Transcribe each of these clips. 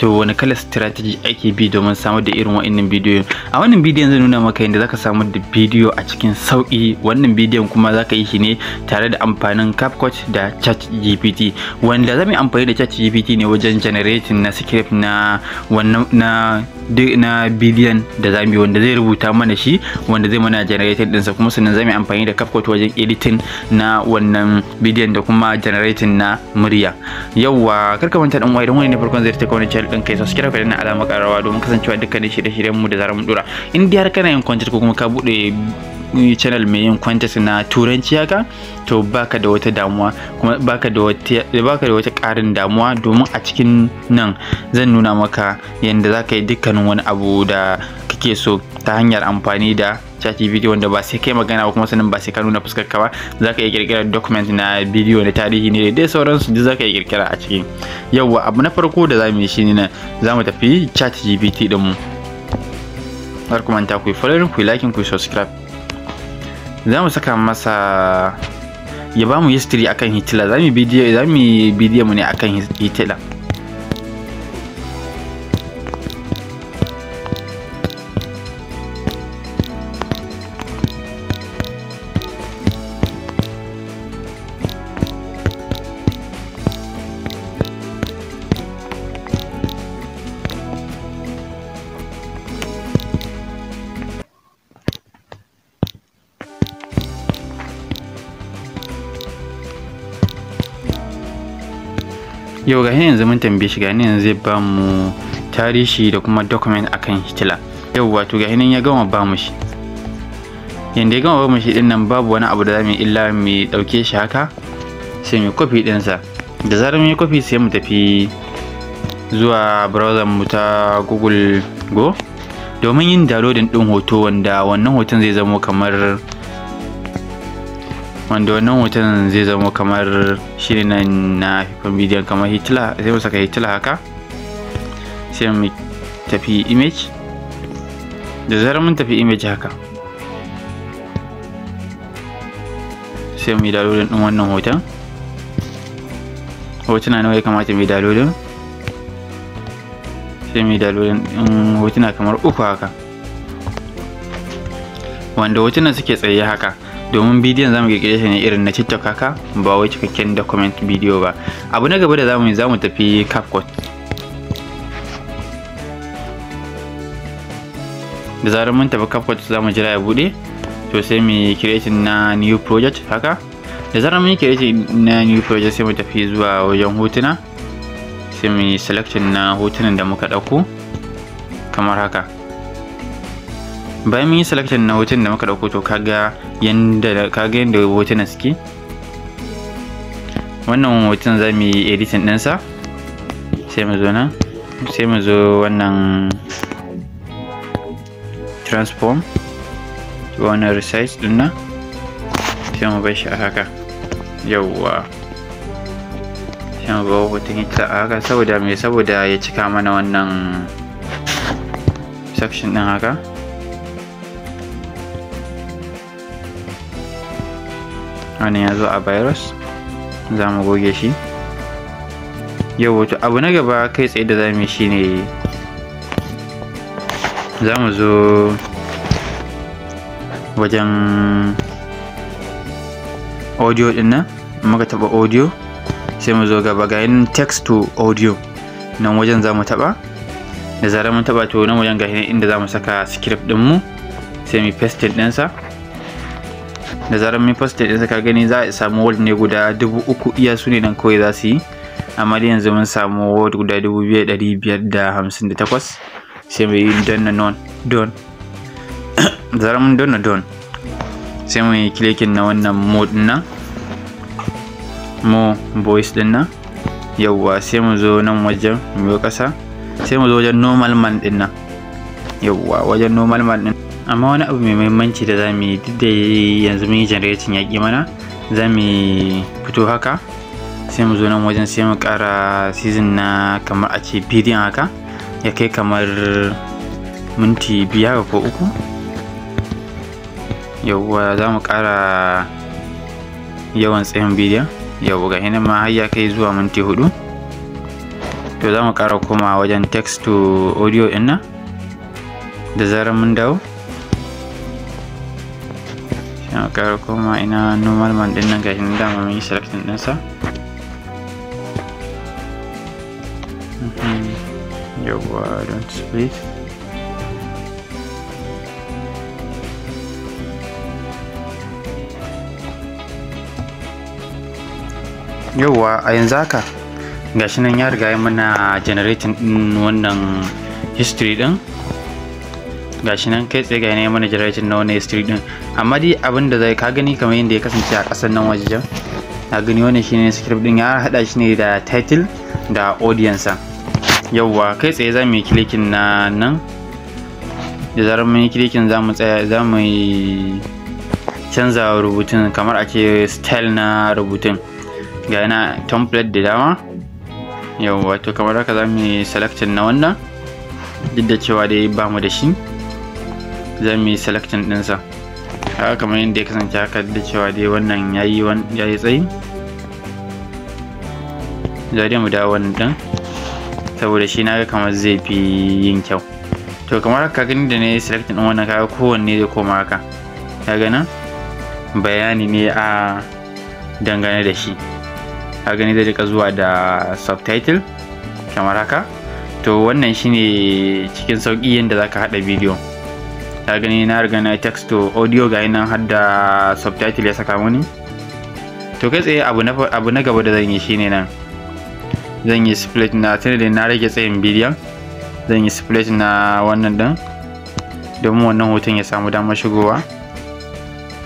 to wani kalar strategy ake bi domin samar da irin wa'annan bidiyo a wannan bidiyon zan nuna maka yadda zaka samar da bidiyo a cikin sauki wannan bidiyon kuma zaka yi shi ne tare da amfanin CapCut da ChatGPT wanda zamu amfani da ChatGPT ne wajen generating na script na wannan na na bidiyon da za yi wanda zai rubuta mana shi wanda zai mana generator sa kuma sannan zamu amfani da CapCut wajen editing na wannan bidiyon da kuma generating na murya yauwa karka manta dan wai dan wani ne farkon zai take wani channel din kai subscribe da alama karawa domin kasancewa dukkanin shirye-shiryen mu da zarar mu dora in dai har kana yin content ko kuma ka bude eh, channel mai yin contest na turanci haka to baka da wata damuwa kuma baka da wata baka da wata karin damuwa domin a cikin nan zan nuna maka yadda zaka yi dukkanin ganin wani abu da kake so ta hanyar amfani da chat video wanda ba sai kai magana ba kuma sanin ba sai ka nuna fuskar ka ba za ka iya kirkira document na video na tarihi ne da dai sauransu duk za ka iya kirkira a ciki yawwa abu na farko da za mu yi shi ne za mu tafi chat gpt din mu har kuma ta ku yi following ku yi liking ku yi subscribe za mu saka masa ya ba mu history akan hitler za mu bidiyo za mu bidiyo mu ne akan hitler yau ga yanzu mun tambaye shi gani yanzu zai ba mu tarihi da kuma document akan hitler yau wato ga ya gama ba mu shi yanda ya gama ba mu shi din nan babu wani abu da za mu illa mu dauke shi haka sai mu copy din sa da zarar mu copy sai mu tafi zuwa browser mu ta Google Go domin yin downloading din hoto wanda wannan hoton zai zamo kamar wanda wannan hoton zai zama kamar shirin nan na fifan bidiyon kamar hitler sai mu saka hitler haka sai mu tafi image da zarar mun tafi image haka sai mu yi dalolin ɗin wannan hoton hotuna nawa ya kamata mu yi dalolin sai mu yi dalolin ɗin hotuna kamar uku haka wanda hotunan suke tsaye haka domin bidiyon zamu kirkire shi ne irin na TikTok haka ba wai cikakken document bidiyo ba abu na gaba da zamu yi zamu tafi CapCut da zarar mun tafi CapCut zamu jira ya bude to sai mu creating na new project haka da zarar mun yi creating na new project sai mu tafi zuwa wajen hotuna sai mu yi selection na hotunan da muka dauko kamar haka bayan mun yi selection na hoton da muka dauko to kaga yanda kaga yanda hotunan suke wannan hoton za mu yi editing ɗinsa sai mu zo nan sai mu zo wannan transform wannan resize ɗin nan sai mu bar shi a haka yawwa sai mu bar hoton ita a haka saboda me saboda ya cika mana wannan section ɗin haka wannan ya zo a virus za mu goge shi yau wato abu na gaba kai tsaye da zamu shi ne za mu zo wajen audio din nan muka taba audio sai mu zo gaba ga yin text to audio nan wajen za mu taba da zarar mun taba to nan wajen ga inda za mu saka script din mu sai mu paste din sa da zarar mai first ɗinsa suka gani za a samu world ne guda dubu uku iya su ne nan kawai za su yi amma da yanzu mun samu world guda dubu biyar ɗari biyar da hamsin da takwas sai mu yi don na non don zarar mun don na don sai mu yi kilikin na wannan mode nan mo boys din nan yawwa sai mu zo nan wajen mu yi ƙasa sai mu zo wajen normal man din nan yawwa wajen normal man din amma wani abu mai mahimmanci da za mu yi duk da yanzu mun yi generating yaƙi mana za mu fito haka sai mu zo nan wajen sai mu ƙara season na kamar a ce bidiyon haka ya kai kamar minti biyar ko uku yawwa za mu ƙara yawan tsayin bidiyon yawwa ga hinan ma har kai zuwa minti hudu to za mu ƙara kuma wajen text to audio ɗin nan da zarar mun dawo yana ƙara koma ina ah, normal man ɗin nan gashi nan dama mun yi selecting ɗinsa mhm. don't split yauwa a yanzu haka gashi nan ya riga mana generating mm, din wannan history din gashi nan kai tsaye ga yanayin mana jiragen na wani street din amma dai abin da zai ka gani kamar yadda ya kasance a ƙasar nan wajen na gani wannan shine script din ya hada shi ne da title da audience yawa kai tsaye za mu yi clicking na nan da zarar mun yi clicking za mu tsaya za yi canza rubutun kamar a ce style na rubutun ga yana template da dama yawa to kamar haka za mu yi selecting na wannan duk da cewa dai ba mu da shi za mu yi selection ɗinsa haka kamar yadda ya kasance haka da cewa dai wannan ya yi tsayi za mu dawo wannan ɗin saboda shi na ga kamar zai fi yin kyau to kamar haka gani da na yi selection ɗin wannan kaga kowanne zai koma haka ka gana bayani ne a dangane da shi ka gani zai rika zuwa da subtitle kamar haka to wannan shine cikin sauƙi yadda za ka haɗa bidiyo. ta gani na riga na text to audio ga nan har da subtitle ya saka muni to kai tsaye abu na abu na gaba da zan yi shine nan zan yi split na da na rage tsayin bidiyon zan yi split na wannan din domin wannan hoton ya samu damar shigowa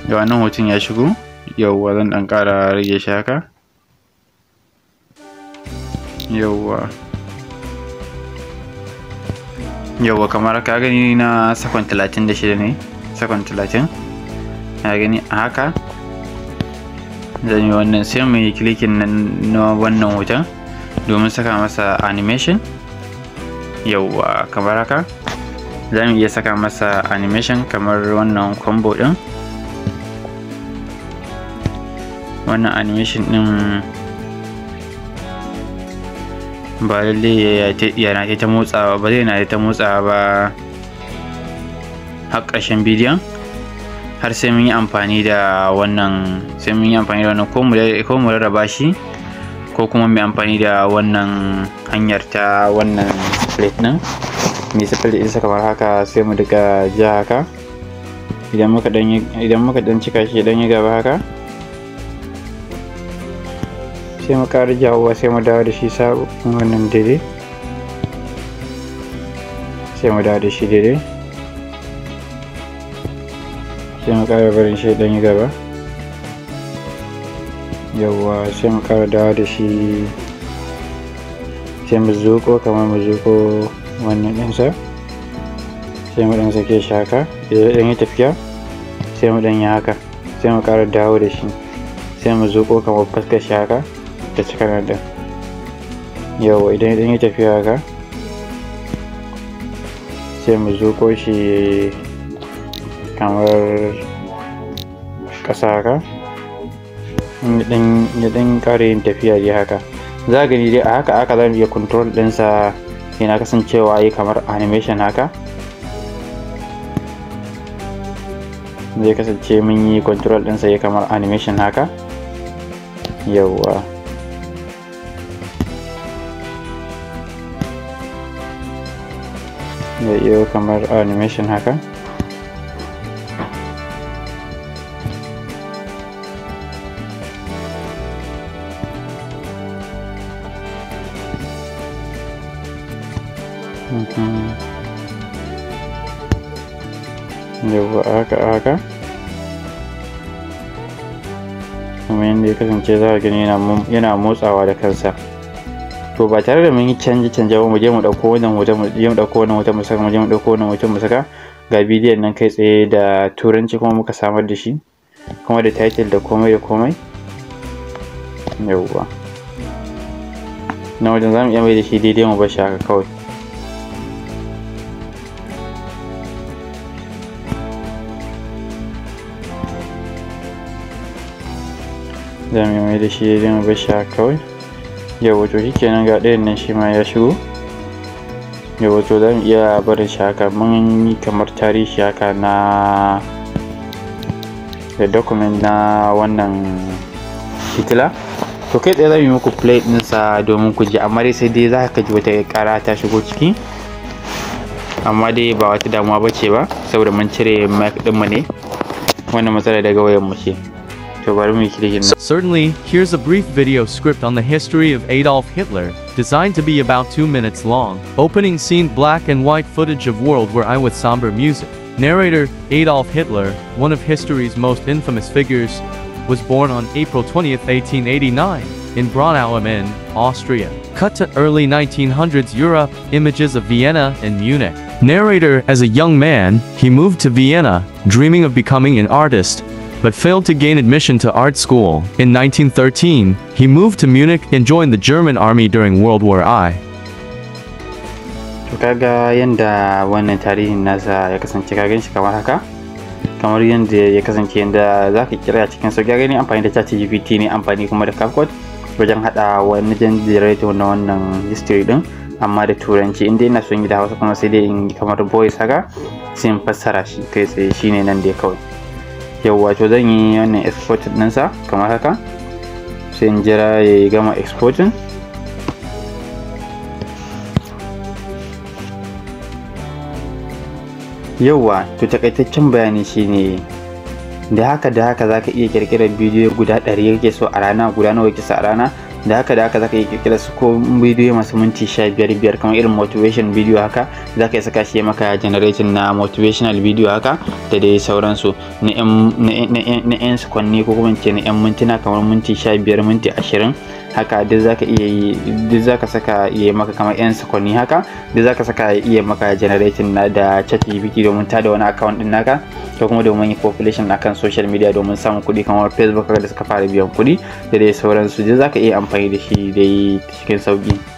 da wannan hoton ya shigo yauwa zan dan kara rage shi haka yauwa yawwa kamar ka gani na sakon 36 ne sakon 30 ka gani a haka zan yi wannan sai mu yi klikin na wannan hoton domin saka masa animation yawwa kamar haka za mu iya saka masa animation kamar wannan combo din wannan animation din ba lalle yana ta motsawa ba zai na ta motsawa ba har ƙarshen bidiyon har sai mun yi amfani da wannan sai mun yi amfani da wannan ko mu rarraba shi ko kuma mai amfani da wannan hanyar ta wannan split nan mai split isa kamar haka sai mu daga ja haka idan muka dan cika shi dan yi gaba haka sai mu ƙara jawowa sai mu dawo da shi sabon wannan dare sai mu dawo da shi dare sai mu ƙara barin shi ɗanyi gaba yawwa sai mu ƙara dawo da shi sai mu zuƙo kamar mu zuƙo wannan ɗinsa sai mu ɗan sake shi haka ya ɗan yi tafiya sai mu ɗan yi haka sai mu ƙara dawo da shi sai mu zuƙo kamar fuskar shi haka ta kana da din yawa idan idan ya tafi haka sai mu zuƙo shi kamar ƙasa haka ya ɗan ƙara yin tafiya dai haka za gani dai a haka aka za mu iya control ɗinsa yana kasancewa yi kamar animation haka zai kasance mun yi control ɗinsa ya kamar animation haka yawwa zai iya kamar animation haka mhm. yawwa haka haka kuma yadda ya kasance za a gani yana motsawa da kansa to ba tare da mun yi canje canje ba mu je mu dauko wannan hoton mu je mu dauko wannan hoton mu saka mu je mu dauko wannan hoton mu saka ga bidiyon nan kai tsaye da turanci kuma muka samar da shi kuma da title da komai da komai yauwa na wajen zamu iya mai da shi daidai mu bashi haka kawai zamu iya mai da shi daidai mu bashi haka kawai wato shi kenan ga ɗayan nan shi ma ya shigo yawa wato za iya barin shi haka mun yi kamar tarihi haka na da document na wannan hitler to kai tsaye za mu yi muku play ɗinsa domin ku ji amma dai sai dai za ka ji wata ƙara ta shigo ciki amma dai ba wata damuwa ba ce ba saboda mun cire mic ɗinmu ne wannan matsala daga wayan mu ce Certainly, here's a brief video script on the history of Adolf Hitler, designed to be about 2 minutes long. Opening scene black and white footage of World War I with somber music. Narrator, Adolf Hitler, one of history's most infamous figures, was born on April 20, 1889, in Braunau am Inn, Austria. Cut to early 1900s Europe, images of Vienna and Munich. Narrator, as a young man, he moved to Vienna, dreaming of becoming an artist, but failed to gain admission to art school. In 1913, he moved to Munich and joined the German army during World War I. To kaga yanda wannan tarihin nasa ya kasance kagan shi kamar haka? kamar yadda ya kasance yadda za ka kira a cikin sauƙi gani amfani da chat gpt ne amfani kuma da capcode wajen haɗa wani jan generator na wannan history din amma da turanci inda ina son yi da hausa kuma sai dai in kamar voice haka sai in fassara shi kai tsaye shine nan dai kawai yawwa to zan yi wannan export ɗinsa kamar haka sai in jira ya yi gama exporting Yawwa to takaitaccen bayani shine da haka da haka zaka iya kirkirar bidiyo guda ɗari kake so a rana guda nawa kisa a rana da haka da haka zaka yi kirkira su ko bidiyo masu minti sha biyar biyar kamar irin motivation video haka zaka yi saka shi maka generation na motivational video haka da dai sauransu na yan sakonni ko kuma ce na yan mintuna kamar minti sha biyar minti ashirin haka duk zaka iya yi duk zaka saka iya maka kamar yan sakonni haka duk zaka saka iya maka generation na da chat gpt domin ta da wani account din naka ko kuma domin yi population akan social media domin samun kuɗi kamar facebook da suka fara biyan kuɗi da dai sauransu da za ka iya amfani da shi dai cikin sauƙi.